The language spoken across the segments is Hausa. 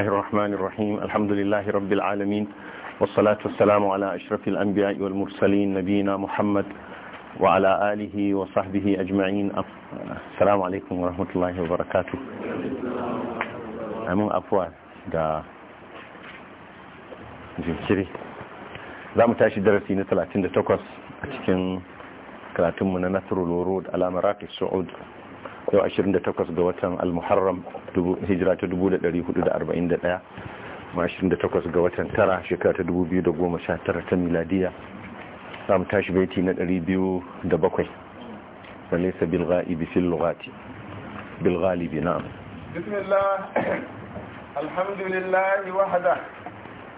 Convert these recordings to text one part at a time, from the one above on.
الله الرحمن الرحيم الحمد لله رب العالمين والصلاة والسلام على أشرف الأنبياء والمرسلين نبينا محمد وعلى آله وصحبه أجمعين السلام عليكم ورحمة الله وبركاته أمون أفوال دا jinkiri za mu tashi darasi na 38 a cikin karatunmu na nasarar loro da alamaratul su'ud yau 28 ga watan al-muharram hijira ta 1441 ma 28 ga watan tara shekara ta 2019 ta miladiya za mu tashi baiti na 207 falaisa bilga'ibi fil lugati bilgalibi na'am bismillah alhamdulillahi wahda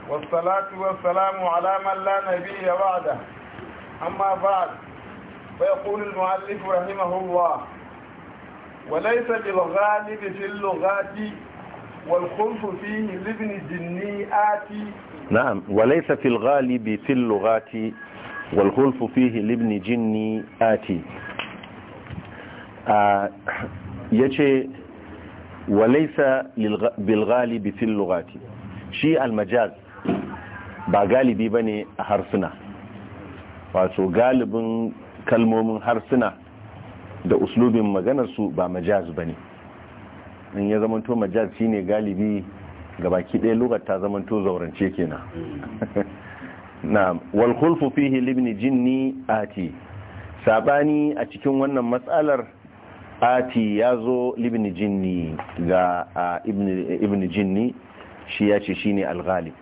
والصلاة والسلام على lanabi لا نبي amma أما بعد فيقول المؤلف رحمه الله وليس للغالب في اللغات والخنف فيه لابن جنيات نعم وليس في الغالب في اللغات والخنف فيه لابن جنيات يجي وليس بالغالب في اللغات شيء المجاز ba galibi bane a harsuna wato galibin kalmomin harsuna da uslubin maganar su ba majaz ba ne in ya zamanto majaz shine galibi ga baki ɗaya lugar ta zamanto zaurance kenan na walhulfu fihi libni jinni ati sabani a cikin wannan matsalar ati ya zo libni jinni ga ibn jinni shi ya ce shi ne alghali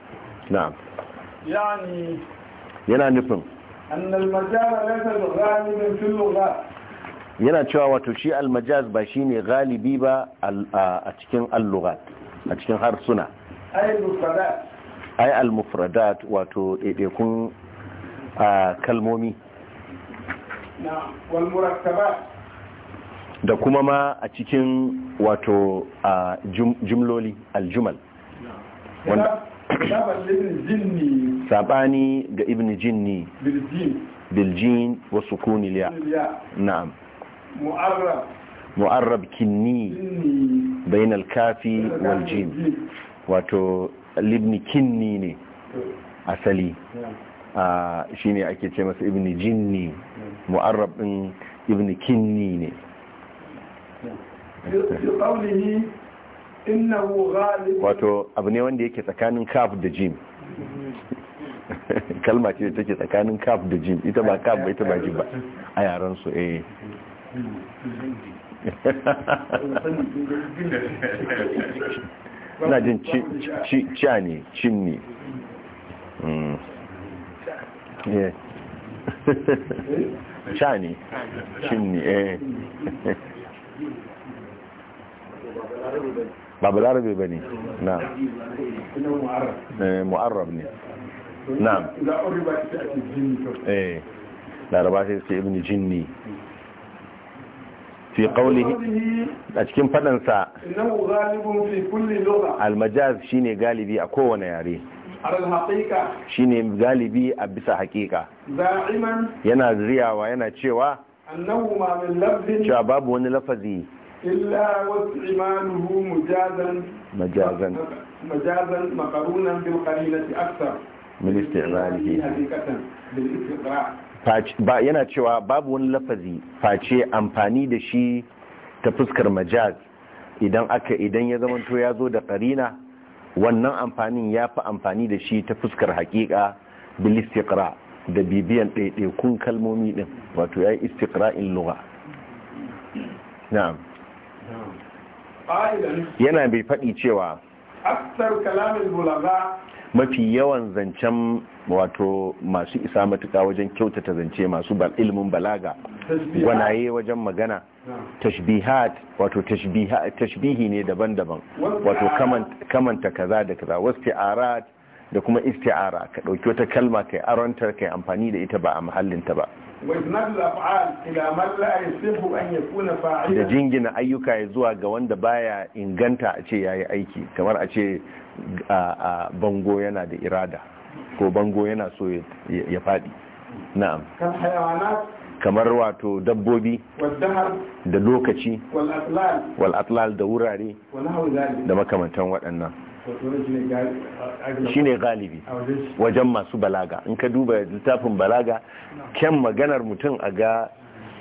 yana nufin annal majaz laysa don fil lughat yana cewa wato shi almajaz ba shi ne galibi ba a cikin allugat a cikin harsuna ai almufradat wato ɗaiɗaikun kalmomi da kuma ma a cikin wato jumloli aljumal wanda Sabani ga ibn jinni biljin wasu kuniliya na'am mu'arrab kinni bainal kafi wal jim wato libni kinni ne asali ah, shine ake ce masa ibni jinni mu'arrab ɗin ibni kinni ne wato abu ne wanda yake tsakanin kaf da jim kalma ce da take tsakanin kaf da jim ita ba kaf ba ita ba jim ba a yaran su eh na jin ciya ne cin ne mm. ciya ne cin ne eh. babu larabe ba ne na eh, mu'arrab ne na eh, laraba sai suke ibn fi qawlihi a cikin faɗansa. sa innahu fi kulli lugha al-majaz shine galibi a kowane yare shine galibi a bisa haƙiƙa yana riyawa yana cewa cewa babu wani lafazi illa wasu imanuhu mujazan majazan majazan makarunan bil qalilati akthar min isti'malihi haqiqatan bil istiqra' yana cewa babu wani lafazi face amfani da shi ta fuskar majaz idan aka idan ya zamanto ya zo da karina wannan amfanin ya fi amfani da shi ta fuskar hakika bil istiqra da bibiyan ɗaiɗaikun kalmomi ɗin wato ya yi istiqra'in lugha na'am yana bai faɗi cewa aksar kalamin bulaga mafi yawan zancen wato masu isa matuka wajen kyautata zance masu ilimin balaga gwanaye wajen magana tashbihat wato tashbihi ne daban-daban wato kamanta kaza da kaza wasti'arat da kuma isti'ara ka dauki wata kalma kai arontar kai amfani da ita ba a mahallinta ba da jingina ayyuka ya zuwa ga wanda baya inganta a ce yayi aiki kamar a ce bango yana da irada ko bango yana so ya faɗi na'am kamar wato dabbobi da lokaci wal'atlal da wurare da makamantan waɗannan Shi ne galibi wajen masu balaga in ka duba littafin balaga kyan maganar mutum a ga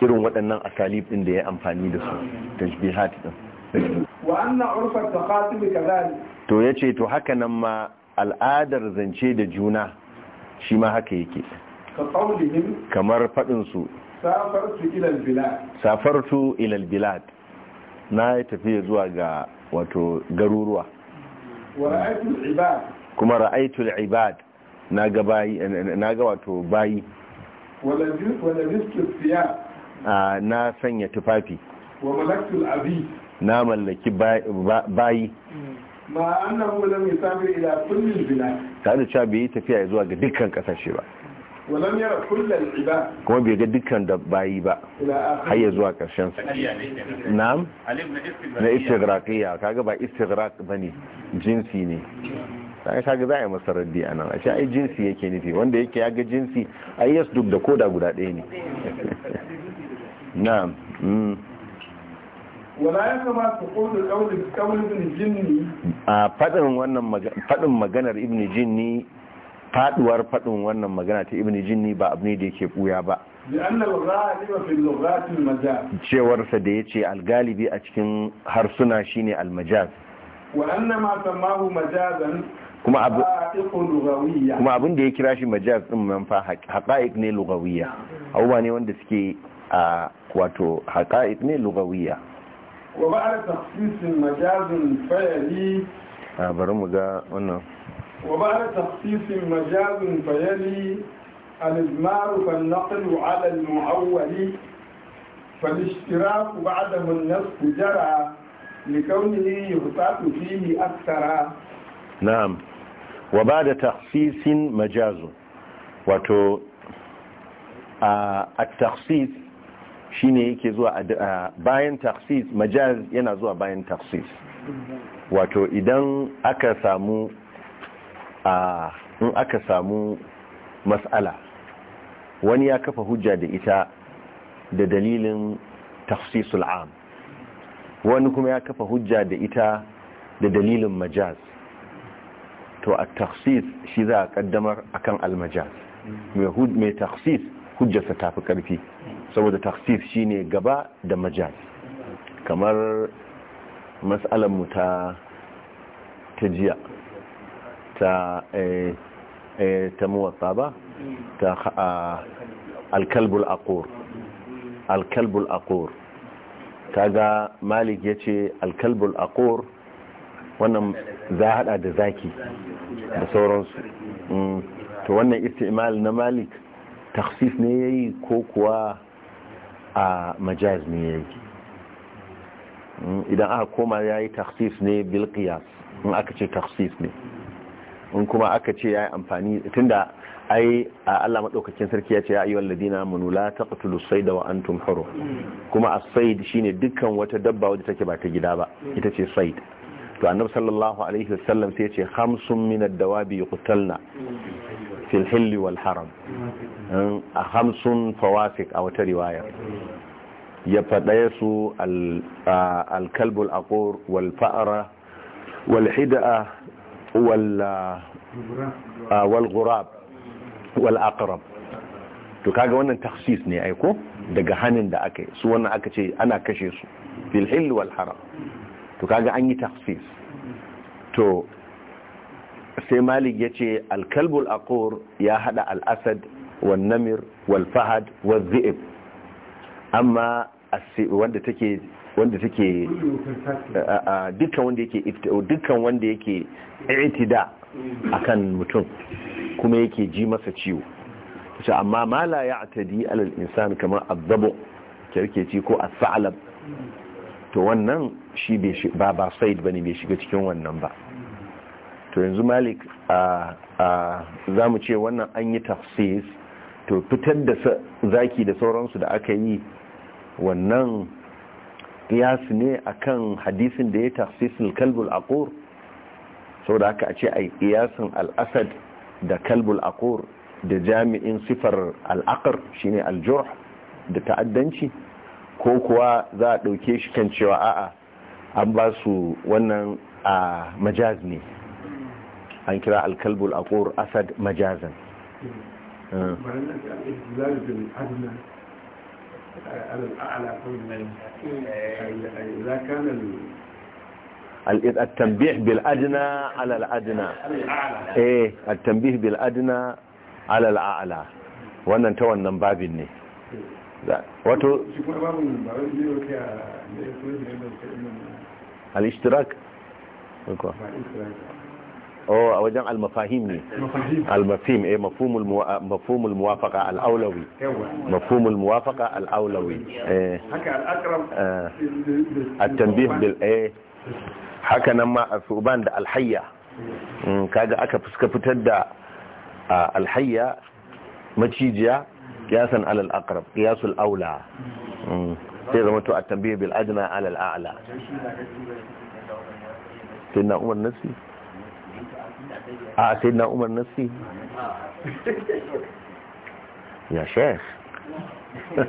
irin waɗannan asali ɗin da ya amfani da su tashbihat ɗin wa ya ce to haka nan ma al'adar zance da juna shi ma haka yake kamar faɗinsu. safartu ilal bilad. safartu ya tafiye na zuwa ga wato garuruwa kuma ra'aitul ibad na ga wato bayi wala na sanya tufafi wa malaktu na mallaki bayi ma annan lam yusafir ila kulli bilad ta da cewa bai tafiya zuwa ga dukkan kasashe ba walam yara kulli ibad kuma bai ga dukkan da bayi ba har ya zuwa karshen sa na'am na istighraqiya kaga ba istighraq bane jinsi ne sai kaga za a yi masa raddi anan a ai jinsi yake nufi wanda yake ya ga jinsi ai yas duk da koda guda ɗaya ne na'am mm. wala ya kamata ƙaunar ƙaunar ibn jinni a faɗin wannan faɗin maganar ibn jinni faduwar faɗin wannan magana ta ibn jinni ba abu ne da yake buya ba cewarsa da ya ce algalibi a cikin harsuna shine almajaz kuma abin da ya kira shi majaz din fa haƙa'iq ne lugawiya abubuwa ne wanda suke a wato haƙa'iq ne lugawiya وبعد تخصيص مجاز فيلي آه، برمجة أنا وبعد تخصيص مجاز فيلي الإدمار فالنقل على المعول فالاشتراك بعده النصف جرى لكونه يغتاط فيه أكثر نعم وبعد تخصيص مجاز وتو آه، التخصيص shine yake zuwa bayan taksis majaz yana zuwa bayan taksis wato idan aka samu a in aka samu mas'ala wani ya kafa hujja da ita da dalilin taksisul am wani kuma ya kafa hujja da ita da dalilin majaz to a taksis shi za a kaddamar akan almajaz mai taksis hujjarsa tafi karfi saboda taksif shine gaba da majal kamar matsalar mu ta ta jiya ta eh, eh, muwatsa ba ta alkalbul aqur alkalbul aqur kaga malik yace alkalbul aqur wannan za hada da zaki da sauransu mm. to wannan istimal na malik taksis ne yayi ko kuwa a majaz ne ya hmm, idan aka koma ya yi taksis ne bilkiyas in aka ce taksis ne in kuma aka ce ya yi amfani tunda ai a Allah maɗaukakin sarki ya ce ya ayyuwar ladina amanu la taqtulu sayda wa antum hurum kuma a sayd shine dukkan wata dabba wadda take ba ta gida ba ita ce sayd to annabi sallallahu alaihi wasallam sai ya ce khamsun min ad-dawabi yuqtalna fil hilli wal haram a hamsun fawafik a wata riwaya ya faɗaya su alkalbul aqur wal fa'ara wal hida'a wal gurab wal aqrab to kaga wannan taksis ne aiko daga hannun da aka yi su wannan aka ce ana kashe su fil hilli wal haram to kaga an yi taksis to sai malik ya ce alkalbul aqur ya hada al'asad wal namir wal fahad wal zi'ib amma wanda take wanda take dukkan wanda yake dukkan wanda yake i'tida akan mutum kuma yake ji masa ciwo ce amma ma la ya'tadi alal insan kamar adabu kirkeci ko as-sa'lab to wannan shi ba ba said bane bai shiga cikin wannan ba to yanzu malik a za mu ce wannan an yi tafsis to fitar da zaki da sauransu da aka yi wannan kiyasu ne akan hadisin da ya tafsisin kalbul aqur saboda aka a ce ai kiyasin al-asad da kalbul aqur da jami'in sifar al-aqr shine al-jurh da ta'addanci ko kuwa za a dauke shi kan cewa a'a an ba su wannan a majaz ne عن كراء الكلب الأقور أسد مجازا مرنة آه. الإجلال على كل التنبيه بالأدنى على الأدنى إيه التنبيه بالأدنى على الأعلى وأنا نتوى النباب إني الاشتراك oh a wajen al-mafahim ne al-mafhim eh mafhumul mafhumul muwafaqa al-aulawi mafhumul muwafaqa al eh haka al at-tanbih bil eh haka nan ma asuban da alhayya. hayya kaga aka fuska fitar da alhayya. hayya macijiya qiyasan ala al-aqrab qiyasul aula sai zama to at-tanbih bil adna ala al-a'la tinna umar nasi اه سيدنا عمر نفسي يا شيخ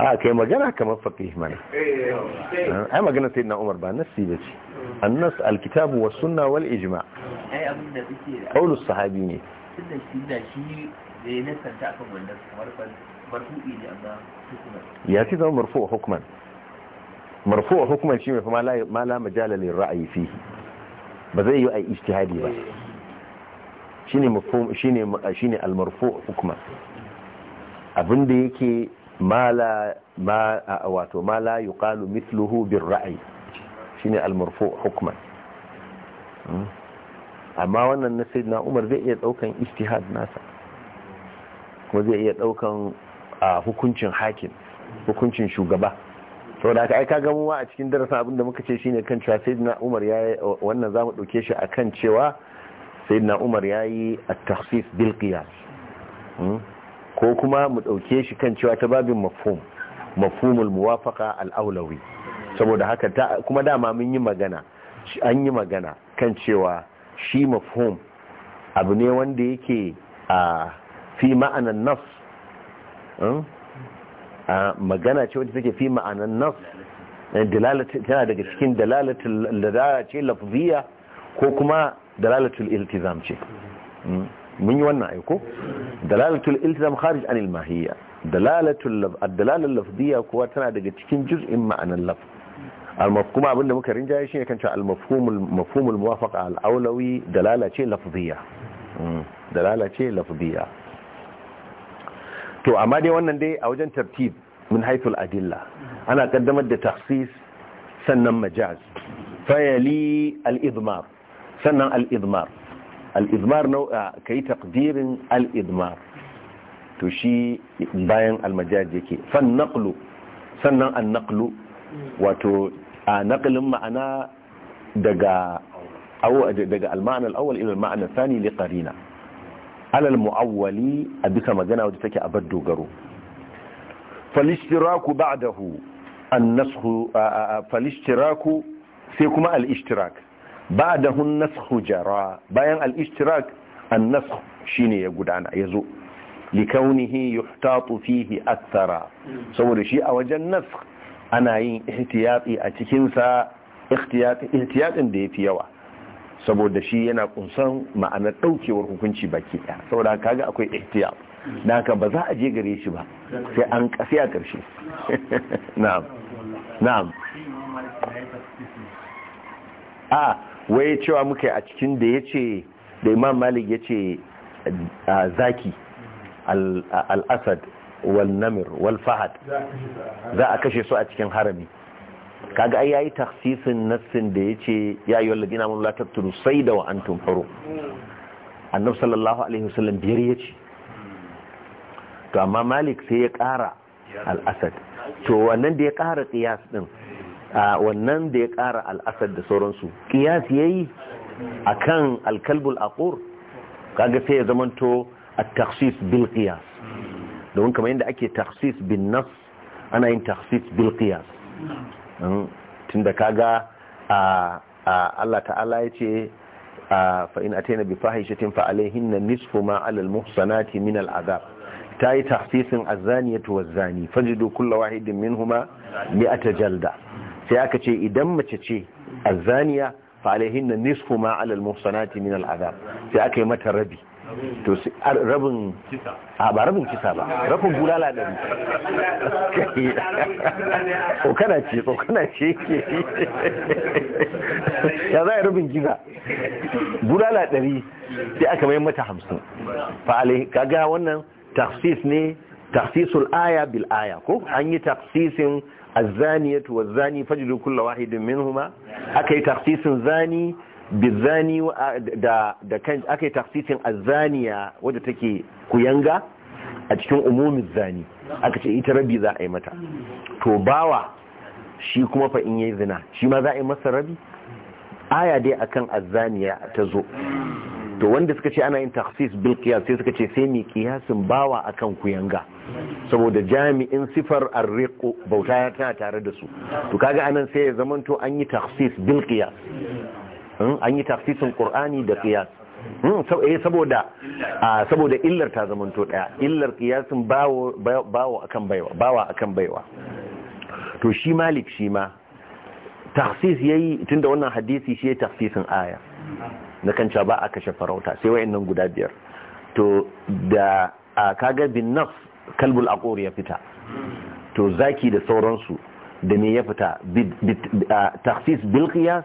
اه كما جرى كما فقيه من اي إيه، إيه. آه، اما جنا سيدنا عمر بقى نفسي بشي النص الكتاب والسنه والاجماع اي ابن نبي قول الصحابيين سيدنا شي إيه، لنا تنتقم مرفوع حكما مرفوع حكما شيء فما لا ما لا مجال للراي فيه ba zai yi a ijtihadi ba shine mafhum shine shine al-marfu' hukman abinda yake mala ma wato mala yuqalu mithluhu bil ra'i shine al-marfu' hukma hmm? amma wannan na sayyidina Umar zai iya daukan ijtihad nasa kuma zai iya daukan hukuncin hakim hukuncin shugaba sau da aka ga gamuwa a cikin darasin abinda muka ce shine kan cewa sayyidina umar ya wannan zamu dauke shi akan cewa sayyidina umar ya yi at-takhsis bil hmm? ko kuma mu ɗauke shi kan cewa ta babin mafhum mafhumul muwafaqa al saboda haka kuma dama mun yi magana an yi magana kan cewa shi mafhum abu ne wanda yake a fi ma'anan nas hmm? magana ce wanda take fi ma'anan nas eh, tana daga cikin dalalatul ladara ce lafziya ko kuma dalalatul iltizam ce mm. mun yi wannan aiko dalalatul iltizam kharij al mahiyya dalalatul ad-dalalatul lafziya kuwa tana daga cikin juz'in ma'anan laf al-mafhum abinda muka rinjaye shine kan ta al-mafhumul mafhumul muwafaqa al-awlawi dalala ce lafziya mm. dalala ce lafziya to amma dai wannan dai a wajen tartib min haithul adilla ana kaddamar da takhsis sannan majaz fayali al-idmar sannan al-idmar al-idmar nau'a kai taqdirin al-idmar to shi bayan al-majaz yake fan naqlu sannan an-naqlu wato a naqlin ma'ana daga daga al-ma'na al-awwal ila al-ma'na al-thani li qarina alal mu'awwali a bisa magana wadda take a bar dogaro falishtiraku ba'dahu annashu falishtiraku sai kuma al-ishtirak ba'dahu an jara bayan al-ishtirak shine ya gudana yazo likaunihi yuhtatu fihi akthara saboda shi a wajen nasx ana yin ihtiyati a cikin sa ihtiyatin da yafi yawa saboda shi yana kunsan ma'anar daukewar hukunci baki daya saboda kaga akwai ihtiya Da haka ba za a je gare shi ba sai an kasi a karshe na'am na'am a waye cewa muka a cikin da yace da Imam Malik yace zaki al-asad wal namir wal fahad za a kashe su a cikin harami kaga ai yayi taksisin nassin da yace ya ayyuhal ladina amanu la taqtulu sayda wa antum huru annabi sallallahu alaihi wasallam biyar yace to amma malik sai ya kara al-asad to wannan da ya kara qiyas din wannan da ya kara al-asad da sauransu qiyas yayi akan al-kalbul aqur kaga sai ya zamanto at taksis bil qiyas don kamar yanda ake taksis bin nas ana yin taksis bil qiyas Hmm? tunda kaga a Allah ta'ala ya ce fa in ataina bi fahishatin fa na nisfu ma alal muhsanati min al azab ta yi tahsisin azaniyatu wazani fajidu kullu wahidin minhuma ta jalda sai aka ce idan mace ce azaniya fa na nisfu ma alal muhsanati min al azab sai aka yi mata rabi to rabin a ba rabin kisa ba rabin bulala ɗari tsokana ce tsokana ce ke ya za a rabin gina bulala ɗari sai aka mai mata hamsin fa'alai kaga wannan taksis ne taksisul aya bil aya ko an yi taksisin الزانية والزاني فجلوا كل واحد aka yi تخصيص zani. bizani da da kan akai taksitin azaniya wadda take kuyanga a cikin umumin zani aka ce ita rabi za a yi mata to bawa shi kuma fa in yayi zina shi ma za a yi masa rabi aya dai akan azaniya ta zo to wanda suka ce ana yin taksis bil qiyas sai suka ce sai mi qiyasin bawa akan kuyanga saboda jami'in sifar arriq bauta tana tare da su to kaga anan sai ya zamanto an yi taksis bil qiyas Hmm? an yi tafsirin qur'ani da qiyas hmm, eh, ah, saboda illar ta zamanto ɗaya, illar qiyasin bawo bawo akan baiwa bawa akan baiwa to shi malik shi ma yi yayi tunda wannan hadisi shi tahsisin aya na kan ba a kashe farauta sai wayannan guda biyar to da kaga bin naf kalbul aqur ya fita to zaki da sauransu da me ya fita ah, tahsis bil qiyas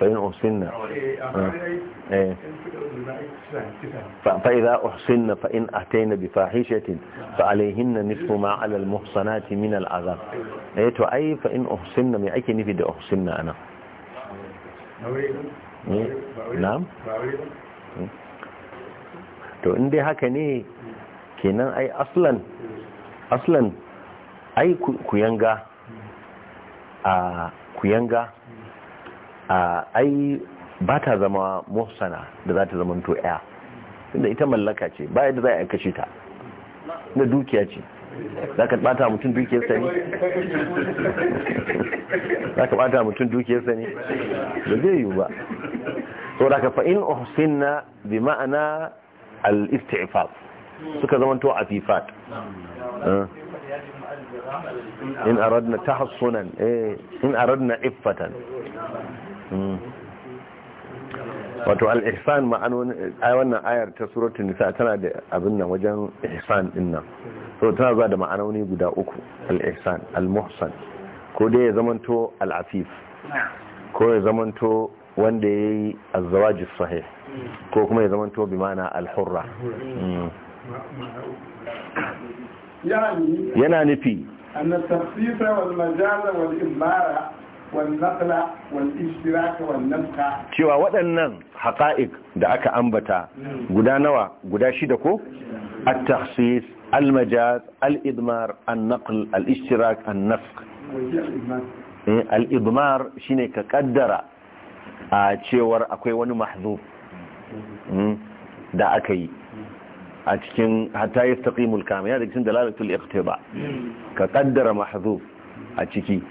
فإن أحسن فإذا أحسن فإن أتينا بفاحشة فعليهن نصف ما على المحصنات من العذاب أيتو أي فإن أحسن من أي نفيد أحسن أنا نعم تو in dai haka ne kenan ai aslan aslan ai kuyanga a ai ba ta zama muhsana da za ta zama to ya inda ita mallaka ce ba yadda za a kashe ta na dukiya ce za ka bata mutum dukiyar sani? za ka bata mutum dukiyar sani? da zai yi ba so da ka fa'in na bi ma'ana al-istifaf suka zama to fifat eh. in aradna tahassunan eh, in aradna iffatan Mm. wato al-ihsan ma'anonin ai wannan ayar ta suratul nisa tana da abin nan wajen ihsan din nan so tana zuwa da ma'anoni guda uku al-ihsan al-muhsan ko dai ya zamanto al-afif ko ya zamanto wanda yayi az-zawaj sahih ko kuma ya zamanto bi ma'ana al-hurra mm. yana nufi an wal majaza wal ibara cewa waɗannan haƙa'iƙ da aka ambata guda nawa guda shida ko at-takhsis al-majaz al-idmar an-naql al-ishtirak an-nafq eh, al-idmar shine ka kaddara a cewar akwai wani mahzuf hmm, da aka yi a cikin hatta yastaqimul kamil da cikin dalalatul iqtiba ka kaddara mahzuf a ciki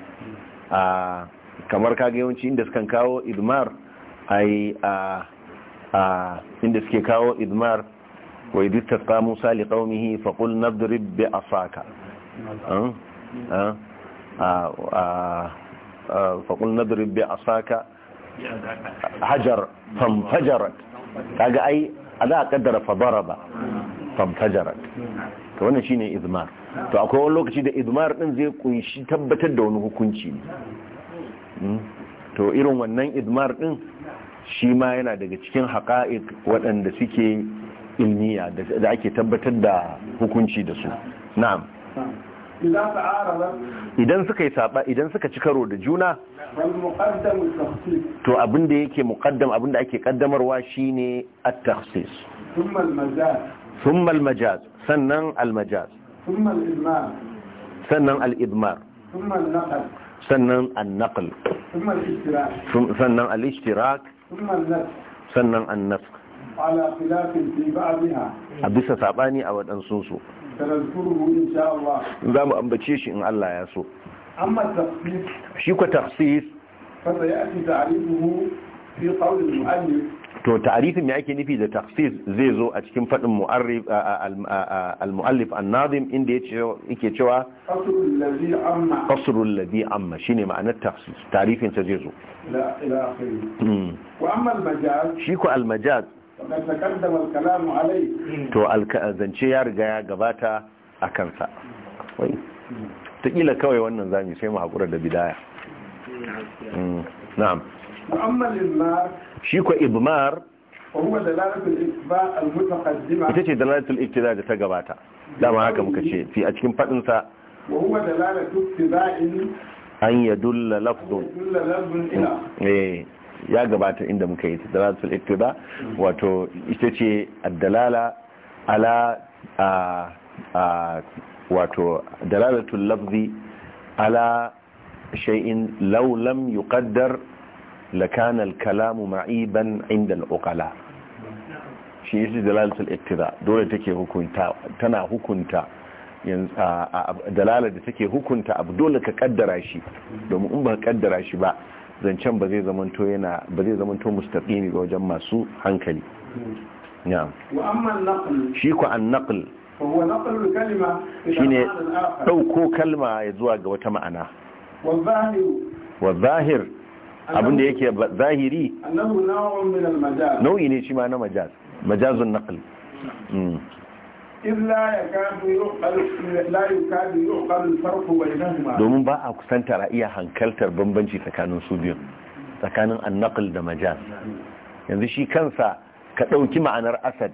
a kamar kage yawanci inda suka kawo idmar a yi a inda suke kawo idmar wai idh ta musa li qaumihi fa qul nadrib bi asaka fa qul nadrib bi asaka hajar fanfajarat kaga ai a ana kaddara fa daraba fanfajarat to wannan shi ne idmar to akwai wani lokaci da idmar din zai kunshi tabbatar da wani hukunci ne hmm? to irin wannan idmar din shi ma yana daga cikin haƙa'iq waɗanda suke ilmiya da ake tabbatar da hukunci da su na'am idan suka yi saba idan suka ci karo da juna to abin da yake muqaddam abin da ake kaddamarwa shine at-takhsis thumma al-majaz sannan al-majaz ثم الإضمار ثم الإضمار ثم النقل ثم النقل ثم الاشتراك ثم الاشتراك ثم النفخ ثم النفخ على خلاف في بعضها أبي ثاباني أو أنسوسو سنذكره إن شاء الله ما أنبتشيش إن الله يسو أما التخصيص شو تخصيص فسيأتي تعريفه في قول المؤلف to ta'arifin me ake nufi da tafsir zai zo a cikin fadin mu'arrif al-mu'allif an-nazim inda yake cewa qasrul ladhi amma shine ma'anar tafsir ta'arifin sa zai zo la ila akhiri hmm. wa amma al-majaz shi ko al-majaz taqaddama al-kalam alayhi hmm. to al-zance ya riga ya gabata a kansa wai ta kila kawai wannan zamu sai mu hakura da bidaya hmm. na'am wa amma lil shi ko ibmar ita ce dalalatul iktida da ta gabata dama haka muka ce fi a cikin fadinsa an ya dulla lafzun eh, ya gabata inda muka yi dalalatul iktida wato ita ce addalala ala wato dalalatul lafzi ala shay'in law lam yuqaddar lakana al-kalamu ma'iban inda al-uqala shi yasi dalalatul ittida dole take hukunta tana hukunta dalalar da take hukunta abu dole ka kaddara shi domin in ba kaddara shi ba zancen ba zai zamanto yana ba zai zamanto mustaqimi ga wajen masu hankali na'am wa amma an-naql shi ko an-naql shine dauko kalma ya zuwa ga wata ma'ana wa zahir abin da yake zahiri nau'i ne shi ma na majaz majazun naql hmm. domin ba a kusantar iya hankaltar bambanci tsakanin su biyu tsakanin annaql da majaz yanzu shi kansa ka ɗauki ma'anar asad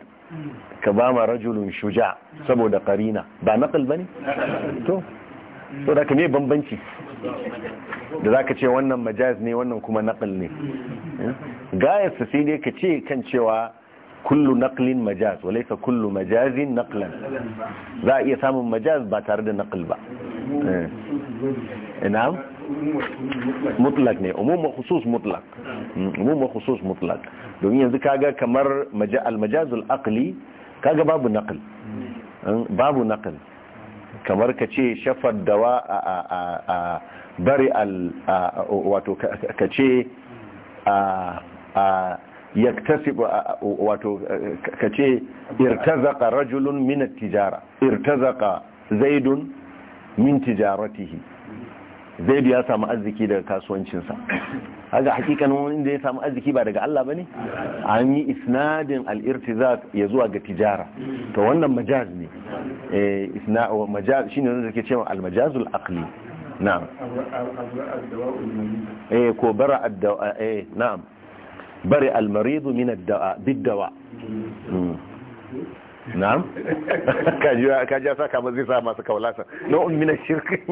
ka ba ma rajulun shuja saboda karina ba naql bane to so da ka ne bambanci da za ka ce wannan majaz ne wannan kuma naƙil ne eh? Gayar sa sai dai ka ce kan cewa kullu naƙilin majaz wale ka kullu majazin naƙilin za a iya samun majaz ba tare da naƙil ba ina eh. mutlak ne umum wa khusus mutlak. Hmm. umum khusus mutlak. domin yanzu kaga kamar al majazul aqli kaga babu naql hmm. babu naql kamar ka ce shafar dawa a bari al wato ka ce yaktasibu wato ka ce irtazaka rajulun min tijara irtazaka zaidun min tijaratihi zai ya samu arziki daga kasuwancinsa haga hakikanin da ya samu arziki ba daga Allah bane an yi isnadin al-irtizaz ya zuwa ga tijara to wannan majaz ne eh isna majaz shine wanda ke cewa al-majazul aqli na'am eh ko bara ad-dawa eh na'am bari al-marid min ad-dawa bid-dawa hmm. na'am ka ji sa kama zai sa masu kaulasa nau'un mina shirka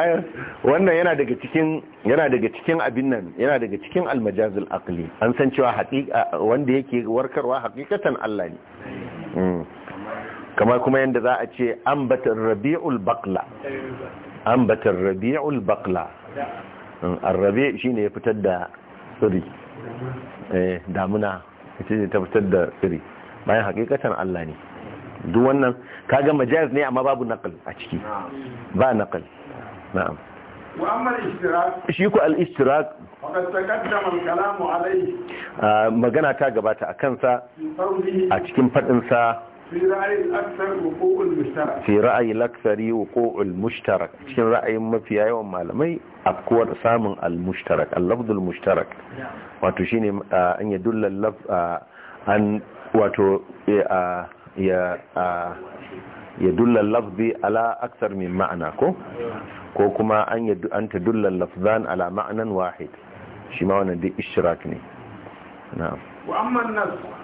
wannan yana daga cikin yana daga cikin abin nan yana daga cikin almajazul aqli an san cewa haƙiƙa wanda yake warkarwa haƙiƙatan Allah ne mm. kamar kuma yanda za a ce ambatar rabi'ul baqla ambatar rabi'ul baqla mm, rabia shi shine ya fitar da tsiri eh, damuna ita ce ta fitar da siri bayan hakikatan Allah ne duk wannan kaga majaz ne amma babu naqal a ciki ba naqal na'am wa amma al-ishtirak shi ku al-ishtirak faqad taqaddama al-kalamu alayhi ah, magana ta gabata akan sa a cikin fadin sa fi ra'ayi laksari wuqu'ul mushtarak cikin ra'ayin mafiya yawan malamai afkuwar samun al-mushtarak al-lafzul mushtarak wato shine an ya yadulla laf an wato ya yadulla lafzi ala aksar min ma'ana ko ko kuma an yadu an tadulla lafzan ala ma'anan wahid shi ma wannan duk ishtirak ne na'am wa amma an-nas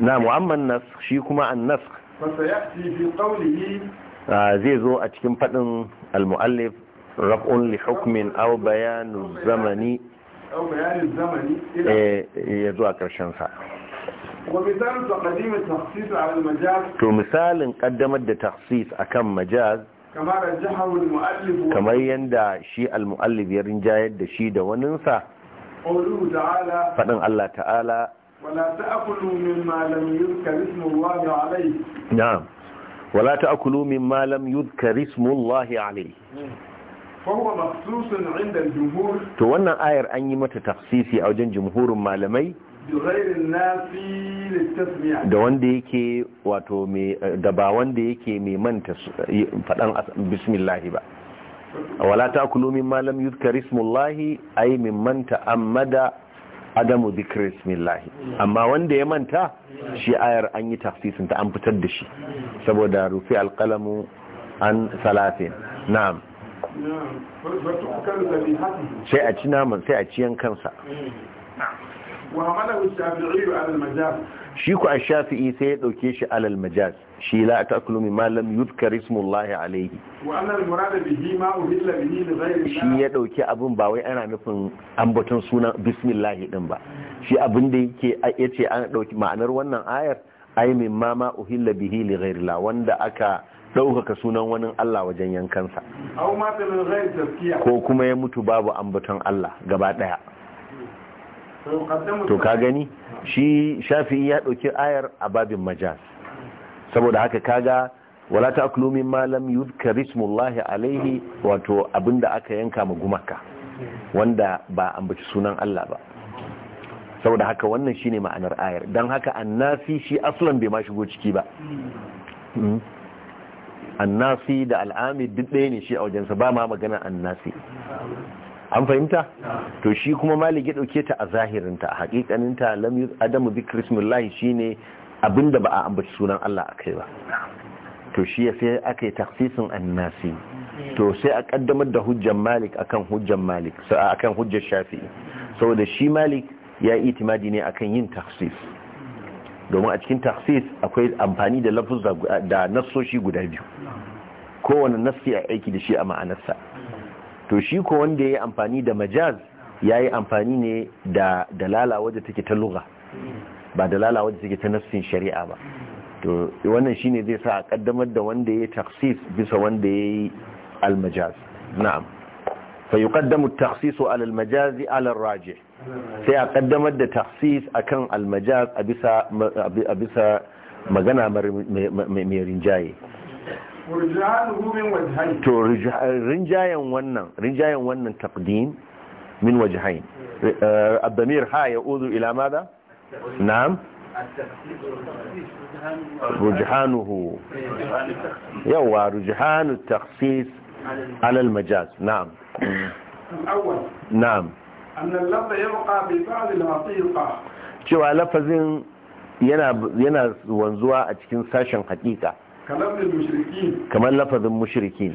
na mu'amman nas shi kuma an nas ah, zai zo a cikin faɗin al-mu'allif raf'un li hukmin au bayanu zamani eh, ya zuwa karshen sa to misalin ƙaddamar da taksis kan majaz kamar yadda shi al-mu'allif ya rinjayar da shi da waninsa faɗin Allah ta'ala ولا تأكلوا مما لم يذكر اسم الله عليه نعم ولا تأكلوا مما لم يذكر اسم الله عليه فهو مخصوص عند الجمهور تو wannan ayar an yi mata tafsisi a wajen jumhurin malamai da wanda yake wato me da ba wanda yake me manta fadan bismillah ba wala ta'kulu mimma lam yuzkar ismullahi ay mimman ta'ammada adamu zikir bismillahi amma wanda ya manta shi ayar an yi tafsisin ta an fitar da shi saboda rufi alkalamu an salafin na'am sai a ci naman sai a ciyan kansa. Hmm. wa الشافعي shafi'i ala al-majaz shi ku ash-shafi'i sai ya dauke shi ala al-majaz shi la ta'kulu به lam yuzkar wa anna al-murada bihi ma uhilla bihi li ghayri shi ya dauki abin ba wai ana nufin ambaton sunan bismillah din ba shi abin da yake yace an dauki ma'anar wannan ayar ai uhilla bihi wanda aka ɗaukaka sunan wani Allah wajen yankansa ko kuma ya mutu babu ambaton Allah gaba ɗaya to ka gani shi shafi'i ya ɗauki ayar a babin majas saboda haka kaga wala ta akulu min malam yuzkar ismullahi alaihi wato abinda aka yanka ma gumaka wanda ba ambaci sunan Allah ba saboda haka wannan shine ma'anar ayar don haka annasi shi aslan bai ma shigo ciki ba hmm? annasi da al'amid duk ɗaya ne shi a wajen sa ba ma maganar annasi an fahimta to shi kuma malik ya dauke ta a zahirinta a hakikaninta lam adamu bi krismillahi shine abinda ba a ambaci sunan Allah a kai ba to shi sai aka yi taksisin annasi to sai a kaddamar da hujjan malik akan hujjan malik akan hujjar shafi'i saboda shi malik ya yi itimadi ne akan yin taksis domin a cikin taksis akwai amfani da lafuz da nassoshi guda biyu kowane nassi a aiki da shi a ma'anarsa to shi ko wanda ya yi amfani da majaz ya yi amfani ne da dalala wadda take ta lugha ba dalala wadda take ta nassin shari'a ba to wannan shine zai sa a kaddamar da wanda ya yi taksis bisa wanda ya yi almajaz na'am fa yuqaddamu at-takhsisu 'ala al-majaz 'ala ar-rajih sai a kaddamar da taksis akan almajaz a bisa a bisa magana mai rinjaye to rinjayen wannan rinjayen min wajhain eh, abdamir ha ya uzu na'am rujhanuhu yawa rujhanu takhsis ala al majaz na'am na'am annal lafza yana wanzuwa a cikin sashen haƙiƙa. kamar lafazin mushrikin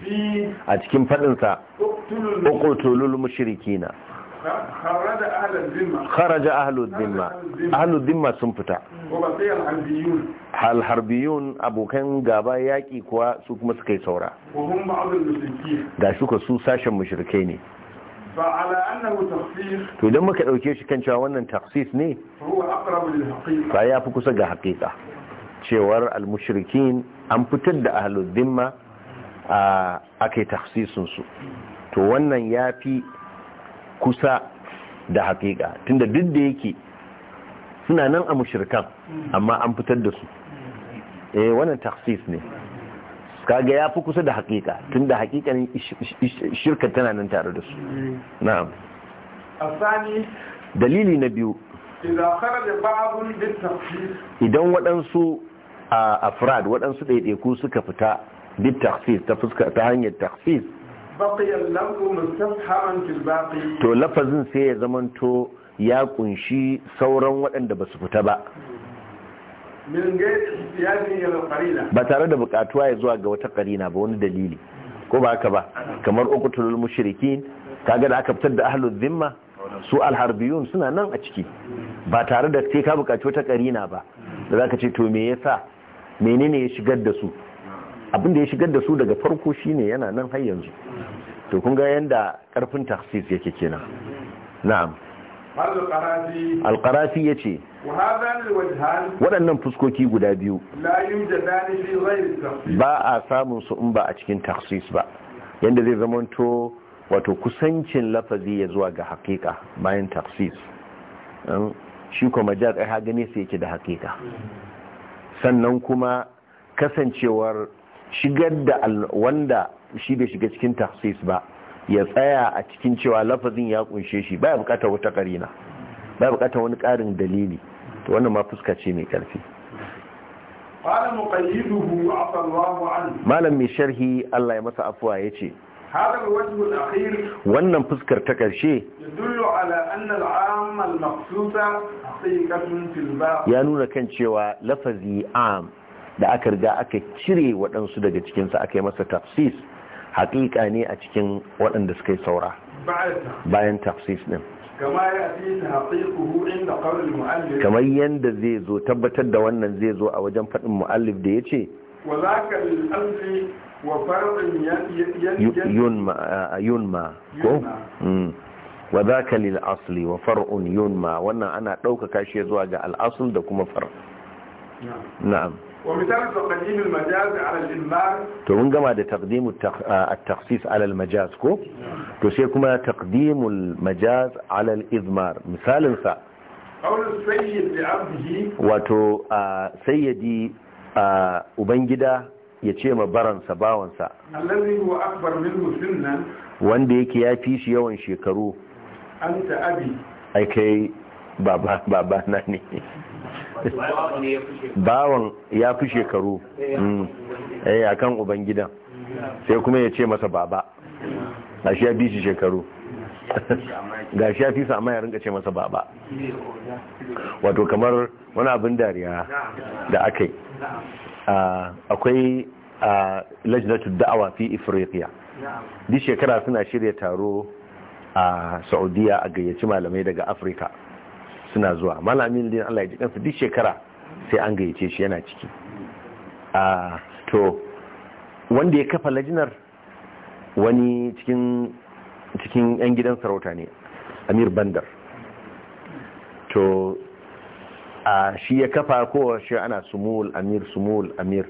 a cikin faɗinsa uqtulul na kharaja ahlud dhimma sun fita hal abokan gaba yaƙi kuwa su kuma suka yi saura ga shi su sashen mushrikai ne to idan muka ɗauke shi kan cewa wannan taksis ne ba ya fi kusa ga haƙiƙa cewar al an fitar da ahlul dhimma akai takhsisin su to wannan yafi kusa da hakika tunda duk da yake suna nan a mushrikan amma an fitar da su eh wannan tafsis ne kaga ya fi kusa da hakika Tunda da shirka tana nan tare da su na'am dalili na biyu idan waɗansu a afrad waɗansu ɗaiɗaiku suka fita bit taksis ta fuska ta hanyar taksis to lafazin sai ya zamanto ya kunshi sauran waɗanda ba su fita ba ba tare da bukatuwa ya zuwa ga wata karina ba wani dalili ko ba haka ba kamar okutulul mushrikin kaga da aka fitar da ahlul zimma su alharbiyun suna nan a ciki ba tare da sai ka bukaci wata karina ba da za ka ce to me yasa menene ya shigar da su abin ya shigar da su daga farko shine yana nan har yanzu to kun ga yanda karfin taksis yake kenan na'am alqarafi yace waɗannan fuskoki guda biyu ba a samun su in ba a cikin taksis ba yanda zai zamanto wato kusancin lafazi ya zuwa ga hakika bayan taksis shi kuma jaz ai gane sai yake da hakika sannan kuma kasancewar shigar da wanda shi bai shiga cikin taksis ba ya tsaya a cikin cewa lafazin ya kunshe shi baya bukatar wata karina baya bukatar wani karin dalili to wannan ma fuska ce mai karfi malam mai sharhi Allah ya masa afuwa ya ce wannan fuskar ta ƙarshe ya nuna kan cewa lafazi am da aka riga aka cire waɗansu daga cikinsa aka yi masa tafsis haƙiƙa ne a cikin waɗanda suka yi saura bayan tafsis ɗin kamar yadda zai zo tabbatar da wannan zai zo a wajen faɗin mu'allif da ya ce yunma ko mm. wa zaka lil asli wa far'un yunma wannan ana ɗaukaka shi zuwa ga al'asul da kuma far na'am Wa al Majaz ala al imar to mun gama da taqdim at-takhsis ala al-majaz ko to sai kuma taqdim al-majaz ala al-izmar misalin sa qawlu sayyid li abdihi wato sayyidi ubangida ya ce ma baransa bawansa wanda yake ya fi shi yawan shekaru ai baba na ne bawan ya fi shekaru mm. eh, a kan ubangidan sai kuma ya ce masa baba a shi ya fi shi shekaru ga shi ya fi sama ya rinka ce masa baba wato kamar wani abin dariya da aka yi akwai lajnatu da'awa fi ifriqiya duk shekara suna shirya taro a saudiya a gayyaci malamai daga afirka suna zuwa malamin din allah ya ji kansu duk shekara sai an gayyace shi yana ciki a to wanda ya kafa lajinar wani cikin cikin yan gidan sarauta ne amir bandar to a shi ya kafa kowa shi ana sumul amir sumul amir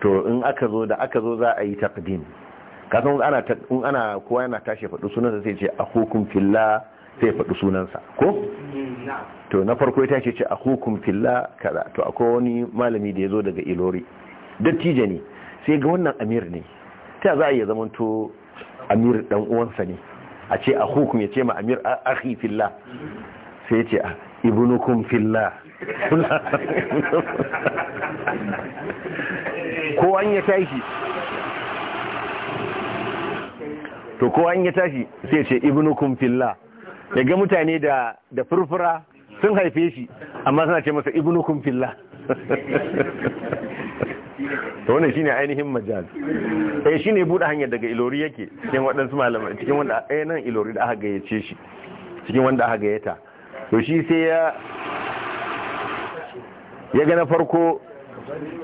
to in aka zo da aka zo za a yi taqdim kasan ana in ana kowa yana tashi faɗi sunansa sai ce akhukum fillah sai faɗi sunansa ko to na farko ya tashi ce akhukum fillah kaza to akwai wani malami da ya zo daga ilori dattija ne sai ga wannan amir ne ta za a iya to amir dan uwansa ne a ce akhukum ya ce ma amir akhi fillah sai ce a ah, ibnukum ko an ya tashi to an ya tashi sai ce ibnukum fillah ya ga mutane da da furfura sun haife shi amma suna ce masa ibnukum fillah to wannan shine ainihin majal? eh shine bude hanyar daga ilori yake cikin waɗansu malamai cikin wanda eh nan ilori da aka gayyace shi cikin wanda aka gayyata to shi sai ya ya gana farko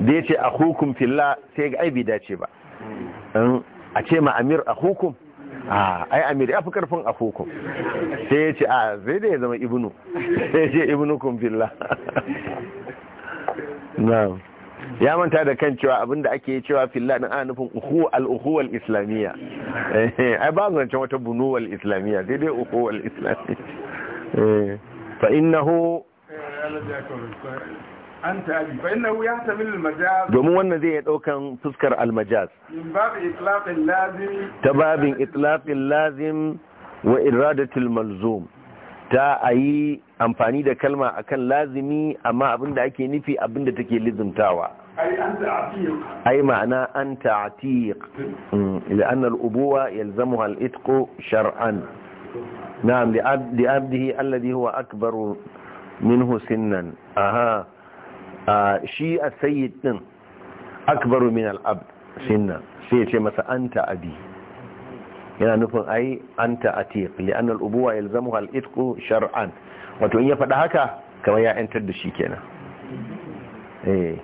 da ya ce a hukum filla sai ga aibi dace ba a ce ma amir a hukum a ah, ai amir ya fi karfin a hukum sai ya ce a ah, zai da ya zama ibnu sai ya ce ibnu kun filla ya manta da kan cewa abinda ake yi cewa filla na ana nufin al islamiyya eh, ai ba zancen wata bunuwal islamiyya sai dai ukhuwal islamiyya eh. fa'innahu domin wannan zai ya daukan fuskar almajaz ta babin itlafin lazim wa iradatul malzum ta yi amfani da kalma akan lazimi amma abinda ake nufi abinda take lizumtawa ai ma'ana an ta'tiq mm, la'anna al-ubuwa yalzamuha al-itqu shar'an na'am li الذي هو أكبر منه سنا أها شيء shi a sayyid din akbaru min al-abd sinnan sai masa yana nufin ai an atiq li anna al-ubuwa yalzamuha al shar'an wato in ya faɗa haka kamar ya yantar da shi kenan eh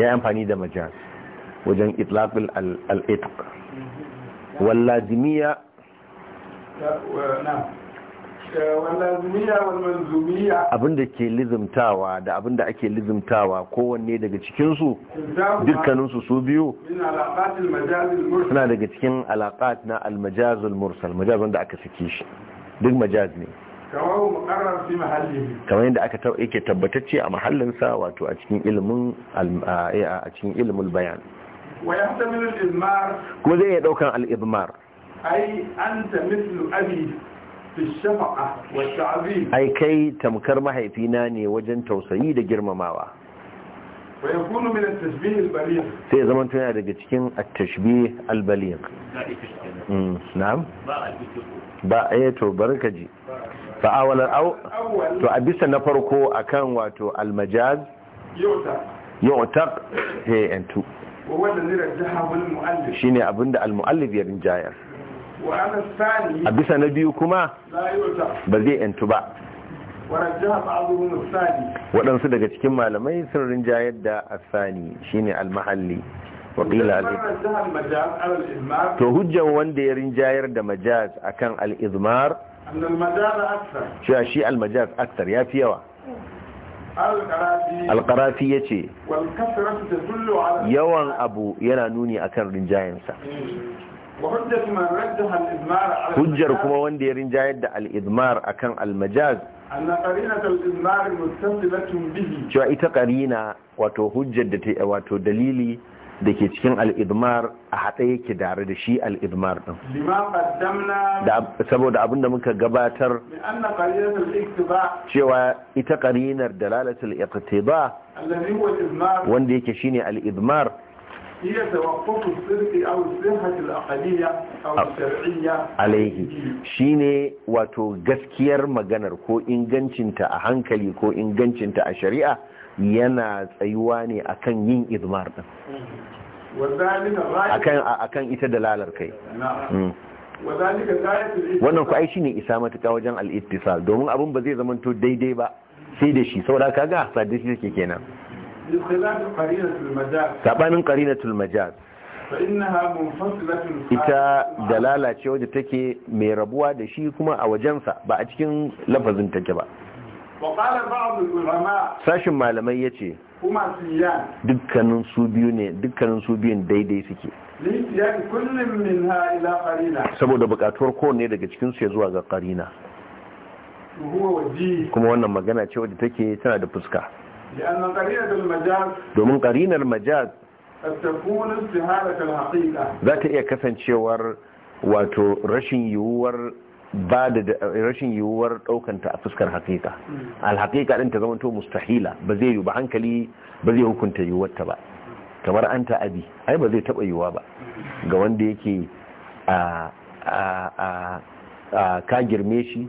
ya amfani da majalis wajen itlaqul al-itq abinda ke lizimtawa da abinda ake lizimtawa kowanne daga cikinsu dukkaninsu su biyu suna daga cikin alaƙat na almajazul mursal majaz wanda aka sake shi duk majaz ne kamar yadda aka yake tabbatacce a mahallinsa wato a cikin ilimin a cikin ilimin bayan kuma zai iya daukan al ai anta mithlu abi fi shafa'a wa ta'zim ai kai tamkar mahaifina ne wajen tausayi da girmamawa wa yakunu min at-tashbih al-baligh sai zaman zamanto daga cikin at-tashbih al-baligh na'am ba a to barka ji fa'awalar au to a bisa na farko akan wato al-majaz almajaz yautar wa shi ne muallif shine abinda al-muallif ya rinjayar a bisa na biyu kuma ba zai yantu ba waɗansu daga cikin malamai sun rinjayar da asani shine almahalli wakila to hujjan wanda ya rinjayar da majaz akan al'izmar cewa shi al aktar ya fi yawa alƙarafi ya ce yawan abu yana nuni akan rinjayensa hujjar kuma wanda ya rinjayar da al'idmar akan almajaz cewa ita karina wato hujjar da ta wato dalili da ke cikin al'idmar a haɗe yake dare da shi al'idmar ɗin saboda abinda muka gabatar cewa ita karinar dalalatul iqtiba wanda yake shine al'idmar هي توقف الصدق أو الصحة الأقلية أو الشرعية عليه شيني واتو غسكير مغانر كو إنغانشنت أهانكلي كو إنغانشنت أشريعة yana tsayuwa ne akan yin izmar din akan akan ita dalalar kai wannan ku ai shine isa matuka wajen al domin abun ba zai zamanto daidai ba sai da shi saboda kaga sadisi yake kenan saɓanin qarinatul tulmajaz ita da lalace wadda take mai rabuwa da shi kuma a wajensa ba a cikin lafazin take ba Sashen malamai ya ce dukkanin su biyu ne dukkanin su biyun daidai suke saboda bukatuwar kowanne daga cikinsu ya zuwa ga karina kuma wannan magana ce wadda take tana da fuska domin karinar majaz za ta iya kasancewar wato rashin yiwuwar ba da rashin yiwuwar ɗaukanta a fuskar haƙiƙa alhakika ɗin ta zama to mustahila ba zai yi ba hankali ba zai hukunta yiwuwarta ba kamar an ta'abi ai ba zai taba yiwuwa ba ga wanda yake a ka girme shi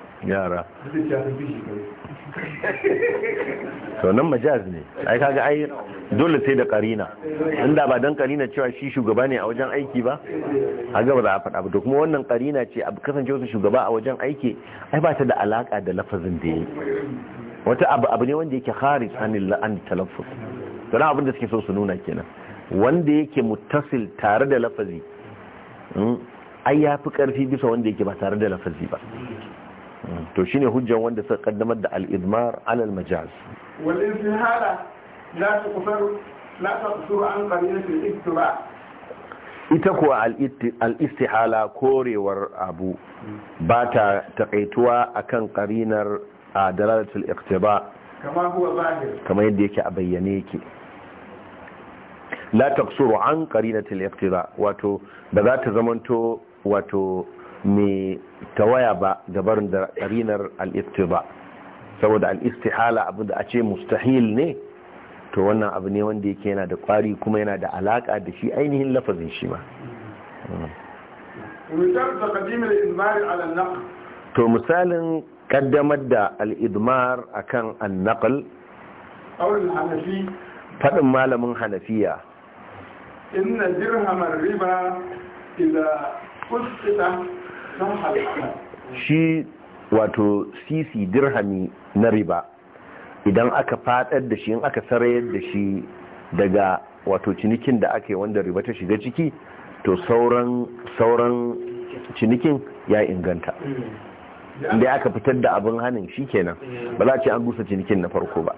yara to nan majaz ne ai kaga ai dole sai da karina inda ba dan karina cewa shi shugaba ne a wajen aiki ba a ba za a faɗa ba to kuma wannan karina ce a kasance wasu shugaba a wajen aiki ai ba ta da alaka da lafazin da yi wata abu abu ne wanda yake kharij anil an talaffuz to na abin da suke so su nuna kenan wanda yake muttasil tare da lafazi hmm, ai ya fi karfi bisa wanda yake ba tare da lafazi ba to shine hujjan wanda suka kaddamar da al-idmar ala al-majaz wal istihala la tuqsar la tuqsar an qariyat al-ittiba ita kuwa al-istihala korewar abu ba ta takaituwa akan qarinar dalalatul iqtiba kama huwa zahir kama yadda yake a bayyane yake la taqsuru an al-iqtiba wato ba za ta zamanto wato me." Ta waya ba gabarin da ƙarinar al'istiba saboda al'istihala abu da a ce mustahil ne to wannan abu ne wanda yake yana da kwari kuma yana da alaƙa da shi ainihin lafazin shi ma to misalin kaddamar da al'idmar a kan annakal faɗin malamin hanafiya inna dirhamar riba ila shi wato sisi dirhami na riba idan aka fadar da shi in aka sarayar da shi daga wato cinikin da aka yi wanda riba ta shiga ciki to sauran sauran cinikin ya inganta da aka fitar da abin hannun shi kenan ba za a ce an gusa cinikin na farko ba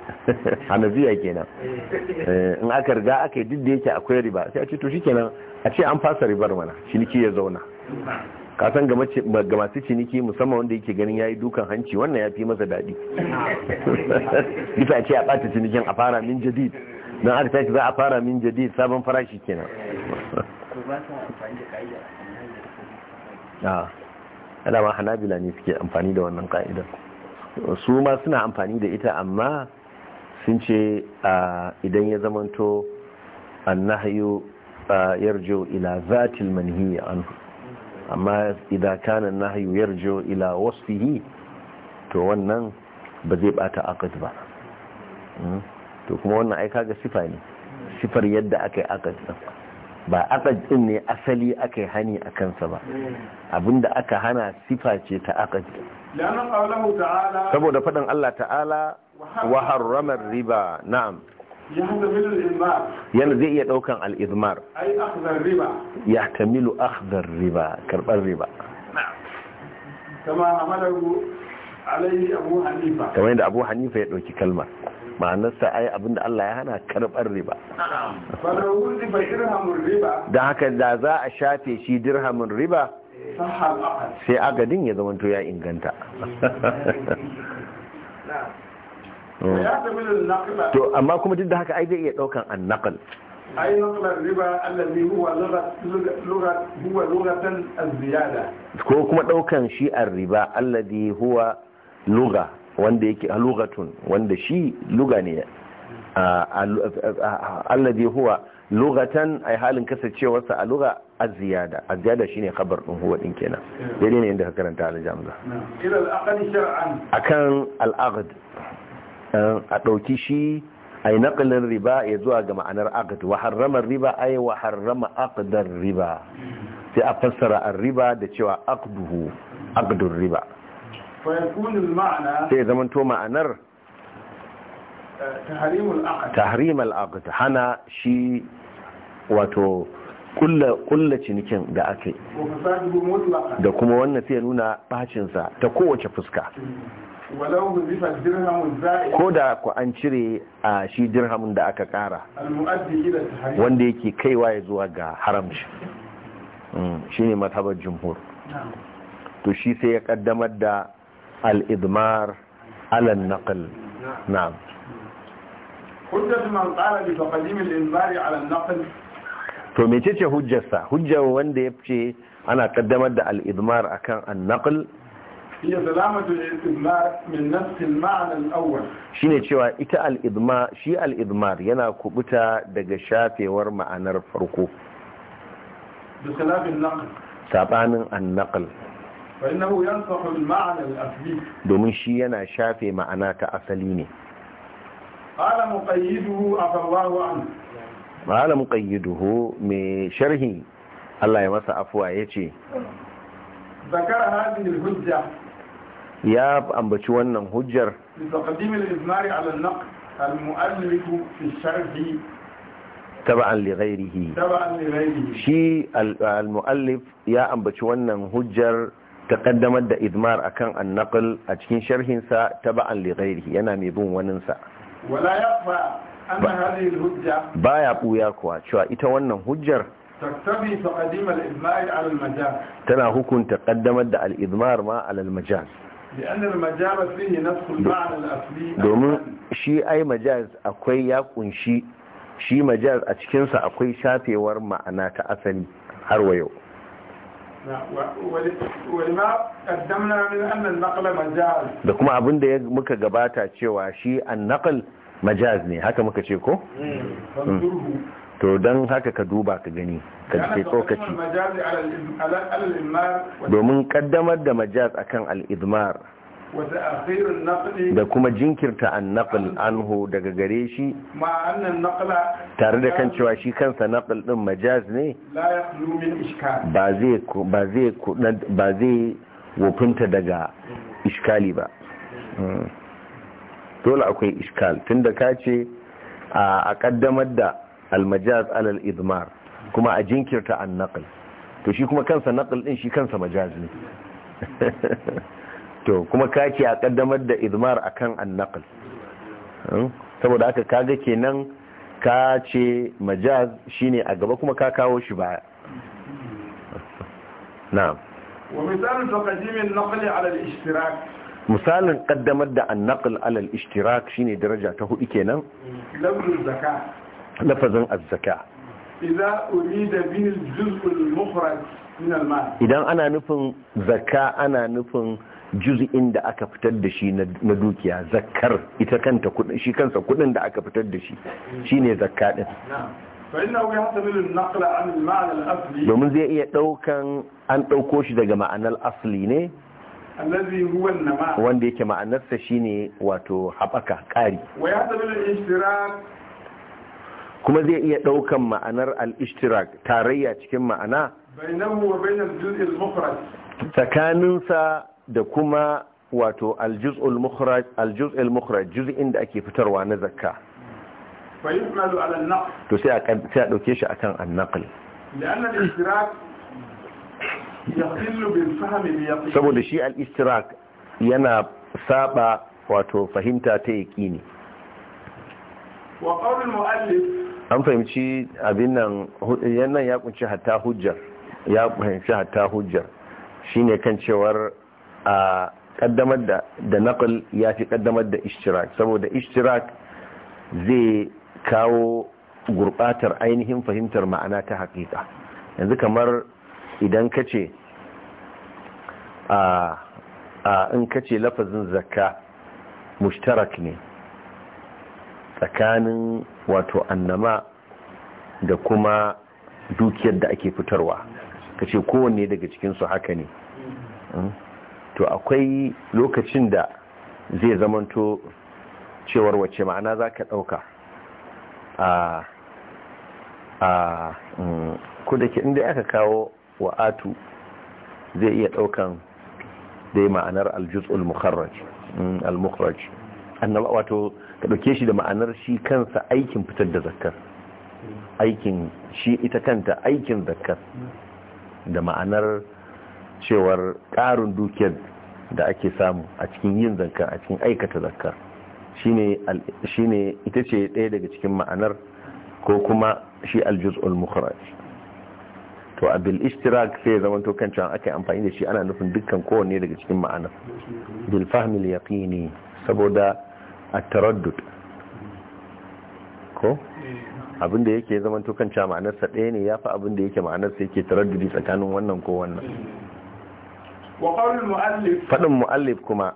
hanafiya kenan eh, in aka riga aka yi duk da yake akwai riba sai a ce to shi kenan a ce an fasa ribar mana ciniki ya zauna ka san ga masu ciniki musamman wanda yake ganin yayi dukan hanci wannan ya fi masa daɗi bisa ce a ɓata cinikin a fara min jadid don aka tashi za a fara min jadid sabon farashi kenan alama ah, hanabila ne suke amfani da wannan ka'idar su ma suna amfani da ita amma sun ce idan ya zamanto annahayu yarjo ila zatil manhiya anhu amma idan kana nahyu yarjo ila wasfihi to wannan ba zai bata akad ba hmm? to kuma wannan ai kaga sifa ne sifar yadda aka yi aqd ba akad din ne asali aka hani a kansa ba abinda aka hana sifa ce ta akad saboda faɗin Allah ta'ala wa harrama riba na'am yana zai iya daukan al'izmar ya tamilu akhdar riba karbar riba kamar yadda abu hanifa ya dauki kalmar ma'anarsa ai abinda Allah ya hana karbar riba da haka da za a shafe shi dirhamin riba sai agadin ya zamanto ya inganta to amma kuma duk da haka ai zai iya daukan annaqal ai naqlan riba allazi huwa lughat huwa lughatan az-ziyada ko kuma daukan shi ar-riba allazi huwa lugha wanda yake lughatun wanda shi lugha ne allazi huwa lughatan ai halin kasancewarsa a lugha az-ziyada az-ziyada shine khabar din huwa din kenan daidai ne inda ka karanta al-jamza ila al-aqd shar'an akan al-aqd a ɗauki shi a yi naƙalin riba ya zuwa ga ma'anar aqd wa harramar riba yi wa harrama aqdar riba sai a fassara a riba da cewa aqduhu aqdur riba sai zaman to ma'anar ta harimar hana shi wato kulla cinikin da ake da kuma wannan sai nuna bacinsa ta kowace fuska ko da ku an cire a shi dirhamun da aka kara wanda yake kaiwa ya zuwa ga haramci mm, shi ne matabar jumhur to shi sai ya kaddamar da al'idmar alan naql na hujjatu to mecece hujjarsa hujjar wanda ya ce ana kaddamar da al'idmar akan an-naql هي سلامة الإضمار من نفس المعنى الأول شيني cewa ita al shi al yana kubuta daga shafewar ma'anar farko da salafin naql sabanin an-naql fa innahu yansahu al-ma'na al domin shi yana shafe ma'ana ta asali ne qala muqayyiduhu afallahu an qala muqayyiduhu me sharhi Allah ya masa afuwa yace ذكر هذه الحجة ya ambaci wannan hujjar taba'an li ghairihi shi al-muallif ya ambaci wannan hujjar taqaddamar da idmar akan an a cikin sharhinsa sa taba'an li ghairihi yana mai bin wannan wala yafa anna hadhihi al-hujja baya buya kuwa cewa ita wannan hujjar taktabi taqdim al-idmar al-majaz tana hukunta ƙaddamar da al ma ala domin shi ai majaz akwai ya kunshi shi majaz a cikinsa akwai shafewar ma'ana ta asali har wa da kuma abin da muka gabata cewa shi an naƙal majaz ne haka muka ce ko? to don haka ka duba ka gani ka ke tsokaci domin kaddamar da majaz akan al da kuma jinkirta an naql anhu daga gare shi tare da kan cewa shi kansa naql ɗin majaz ne ba zai wofinta daga iskali ba hmm. dole akwai iskal tunda kace ce a kaddamar da almajaz alal idmar kuma a jinkirta an naqal to shi kuma kansa naqal din shi kansa majaz ne to kuma kace a kaddamar da idmar akan an naqal? saboda haka kaga kenan ka ce majaz shine a gaba kuma ka kawo shi baya na'am wa misalu taqdimin naqli ala al-ishtirak misalin kaddamar da an naql ala al-ishtirak shine daraja ta hudu kenan lafzul zakat lafazin azzaka idan ana nufin zaka ana nufin juz'in da aka fitar da shi na dukiya zakkar ita kanta kudin shi kansa kudin da aka fitar da shi shine zakka din domin zai iya daukan an dauko shi daga ma'anar asli ne wanda yake ma'anarsa shine wato haɓaka ƙari kuma zai iya ɗaukan ma'anar al-ishtirak tarayya cikin ma'ana tsakaninsa da kuma wato al mukhraj al mukhraj juz'in da ake fitarwa na zakka to sai a sai a dauke shi akan an-naql saboda shi al-ishtirak yana saba wato fahimta ta yaqini an fahimci abin nan yannan ya kunci hatta hujjar ya fahimci hatta hujjar shine kan cewar a kaddamar da da naql ya fi kaddamar da ishtirak saboda ishtirak zai kawo gurbatar ainihin fahimtar ma'ana ta hakika yanzu kamar idan ka ce a in kace ce lafazin zakka mushtarak ne tsakanin wato annama da kuma dukiyar da ake fitarwa ka ce kowanne daga cikinsu haka ne hmm? to akwai lokacin da zai zamanto cewar wace ma'ana za ka ɗauka a hmm, kudake inda aka kawo wa'atu zai iya ɗaukan dai ma'anar aljus mukharraj hmm, al-mukharraj annaba wato ka ɗauke shi da ma'anar shi kansa aikin fitar da zakar aikin shi ita kanta aikin zakar da ma'anar cewar ƙarin dukiyar da ake samu a cikin yin zakar a cikin aikata zakar shi ne ita ce ɗaya daga cikin ma'anar ko kuma shi aljuz mukhraj to a ishtirak sai zama to kan cewa aka amfani da shi ana nufin dukkan kowanne daga cikin ma'anar bil fahmi yaqini saboda a taraddud ko abinda yake zaman tukan cewa ma'anarsa ɗaya ne ya fi abinda yake ma'anarsa yake taraddudi tsakanin wannan ko wannan faɗin mu'allif kuma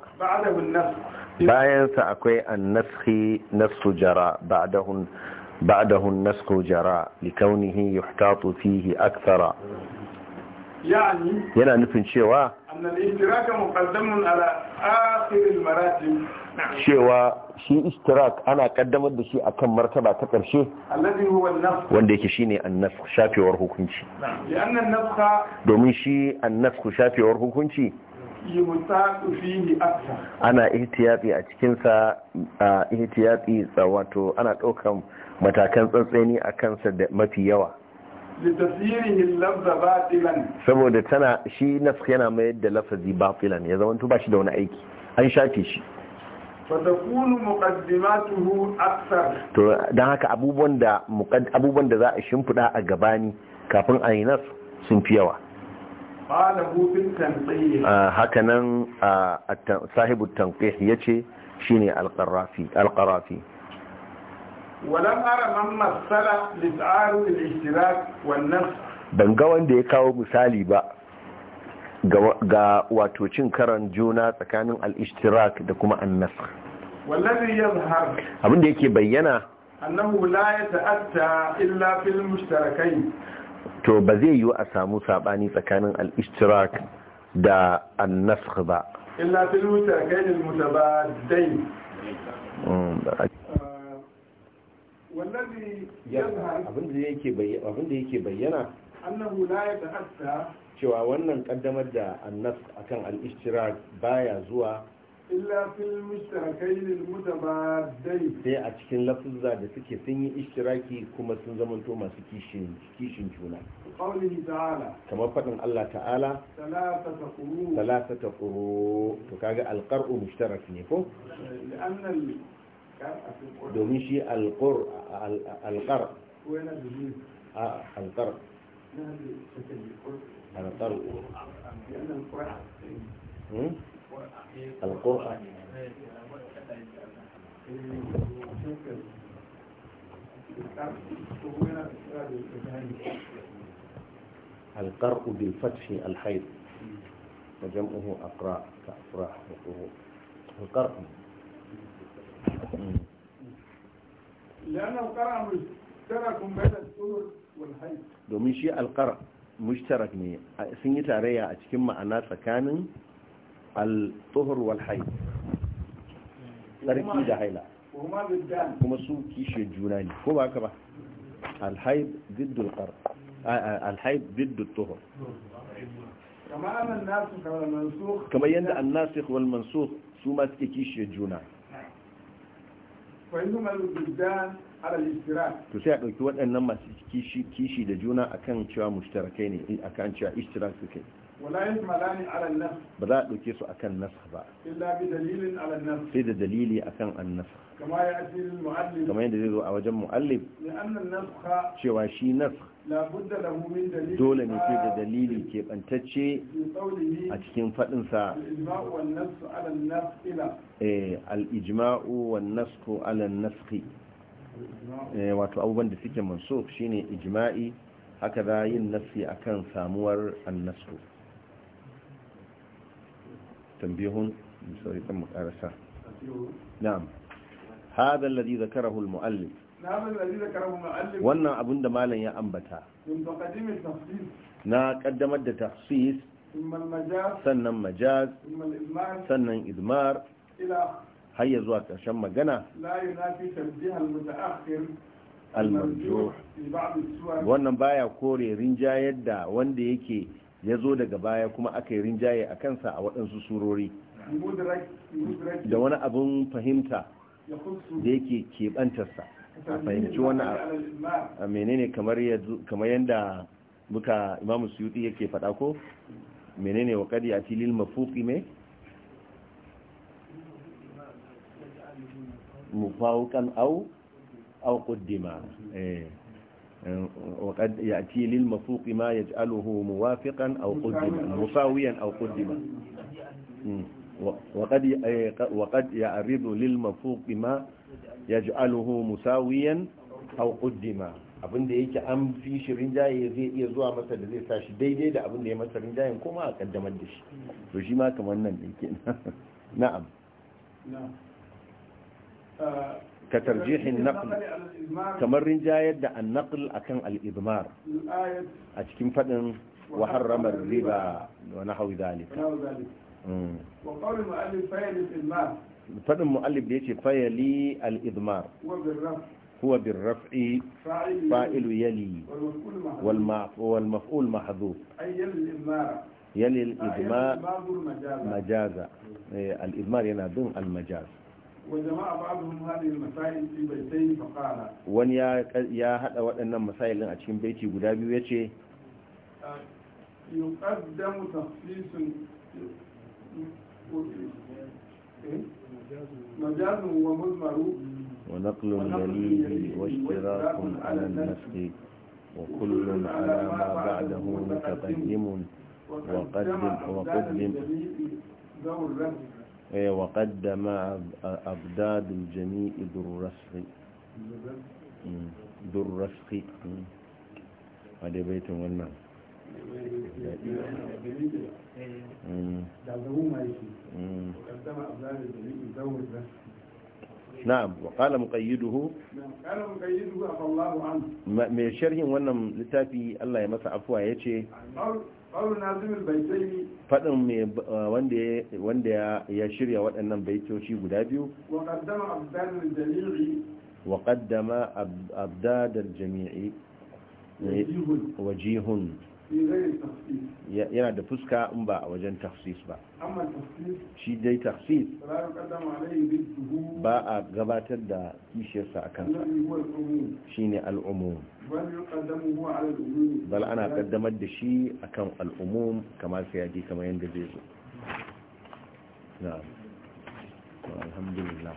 bayansa akwai an naskhi nasu jara ba'dahun nasu jara likaunihi yuhtatu fihi akthara yana nufin cewa cewa shi istirak ana kaddamar da shi akan martaba ta ƙarshe wanda yake shi ne annaf shafewar hukunci domin shi annaf shafewar hukunci ana ihtiyati a cikinsa a ihtiyati wato ana ɗaukan matakan tsantseni a kansa da mafi yawa saboda tana shi nasu yana mayar da lafazi batilan ya zama ba shi da wani aiki an shafe shi fatakunu muqaddimatuhu akthar to dan haka abubuwan da abubuwan da za a shimfida a gabani kafin a yi nas sun fi yawa ah, haka nan ah, sahibu tanqih yace shine al-qarafi al-qarafi ولم ara من masala لتعارض الاشتراك والنفس ban ga wanda ya kawo misali ba ga wato karan juna tsakanin al da kuma an-nafs wallazi yazhar abin da yake bayyana annahu la yata'atta illa to ba zai yiwu a samu sabani tsakanin al-ishtirak da an ba illa fil mustarakayn mutabaddain hmm, abin da yake bayyana cewa wannan kaddamar da annas akan al-ishtirak baya zuwa illa fil mustarakain al-mutabaddai sai a cikin lafuzza da suke sun yi ishtiraki kuma sun zamanto masu kishin kishin juna qawlihi ta'ala kamar fadin Allah ta'ala salatata quru salatata quru to kaga al-qar'u mushtarak ne ko دوميشي القر القر القر القرء القرء القرء بالفتح الحيض وجمعه أقراء كأفراح وقروء القرء لأنه قرأ مشترك بين السور والحيض domin shi alƙar mushtarak ne sun yi tarayya a cikin ma'ana tsakanin al-tuhur wal haid tsarki da haila kuma su kishe juna ne ko ba ka ba al-haid diddul qar al-haid diddul tuhur kamar yadda an-nasikh wal mansukh su ma suke kishe juna to sai a ɗauki waɗannan masu kishi da juna akan cewa mushtarakai ne akan cewa ishtirak suke ba za a ɗauke su akan nasa ba sai da dalili akan annasa kamar yadda zai zo a wajen mu'allif cewa shi nas dole ne ke da dalili keɓantacce a cikin faɗinsa al'ijma'u wa nasku ala naski wato abubuwan da suke manso shine ijma'i haka za yin nasi akan samuwar annasku tambihun sorry kan mu karasa na'am هذا الذي ذكره المؤلف wannan abin da malam ya ambata na kaddamar da tafsis sannan majaz sannan izmar har ya zuwa ƙarshen magana almarjo wannan baya kore rinjayar da wanda yake ya zo daga baya kuma aka yi rinjaye a kansa a waɗansu surori da wani abin fahimta da yake keɓantarsa a fahimci wani a menene kamar yadda muka imamu suyuti yake faɗa ko menene wa kadi a filin mafuki mai mufawukan au au kuddima وقد يأتي للمفوق ما يجعله موافقا أو قدما مساويا أو قدما وقد يعرض للمفوق ما يجعله مساويا أو قدما abinda yake an fi shi rinjaye zai iya zuwa masa da zai sa shi daidai da abinda ya masa rinjayen kuma a kaddamar da shi to shi ma kamar nan da yake na'am ka tarjihin naql kamar rinjaye da an-naql akan al a cikin fadin wa harrama riba wa nahwi dhalika faɗin mu'allif da ya ce fayali al'idmar Kuwa bin raf'i fa'ilu yali wal maf'ul yali al'idmar majaza al'idmar yana bin al-majaz wani ya haɗa waɗannan masailin a cikin baiti guda biyu ya ce مجاز ومضمر ونقل يليه واشتراك على النفس وكل على ما بعده متقدم وقدم وقدم إيه، وقدم أبداد الجميع ذو الرسخ ذو الرسخ هذا بيت والمعنى Mm. na'am وقال مقيده قال مقيده muqayyiduhu الله عنه من sharhin wannan littafi Allah ya masa afwa yace qawl nazim al-baytayni me wanda wanda ya shirya waɗannan baitoci guda biyu wa qaddama abdan wa qaddama jamii wajihun Eh, yana da fuska in ba a wajen tafsis ba shi dai tafsis ba a gabatar da kishiyarsa a kansa shi ne al'umum bal ana kaddamar da shi a kan al'umum kamar sai ji kamar yadda zai zo alhamdulillah